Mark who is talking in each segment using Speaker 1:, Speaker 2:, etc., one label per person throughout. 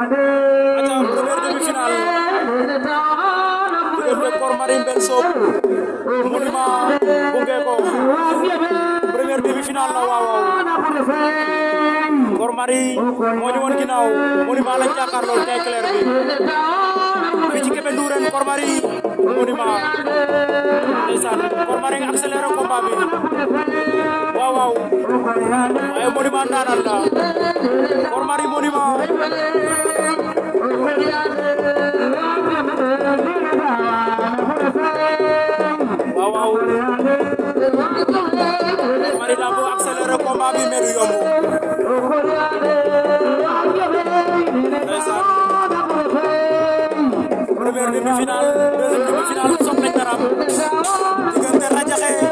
Speaker 1: atam premier demi-finale diggante Kor Marin Ben Sob Mboulima gunge ko premier demi wow wow. waaw waaw Kor Marin moo ñu woon ginnaaw Mboulima lañ jàkkaar
Speaker 2: lool kay clair bi
Speaker 1: fii ci Kébé Wow wow, Marin Mboulima ndeysaan Kor Marin accéléré combat bi waaw waaw waaye Mboulima ndaanaan la Kor Marin Mboulima waaw Marie la bu accéléré combat bi melu yomb ndeysaan première demi-finale deuxième demi-finale sopp nañ dara diggante Radiakhé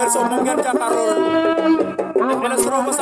Speaker 1: Universo Mungan Catarur. Elas trombas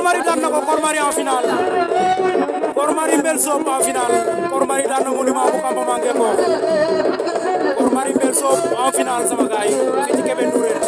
Speaker 1: Kor Marie daan na ko Kor Marie en finale Kor Marie Mbelsoop en finale Kor Marie daan na monument bu campement Ngekoof Kor Marie Mbelsoop en finale sama gars yi fii ci Kébé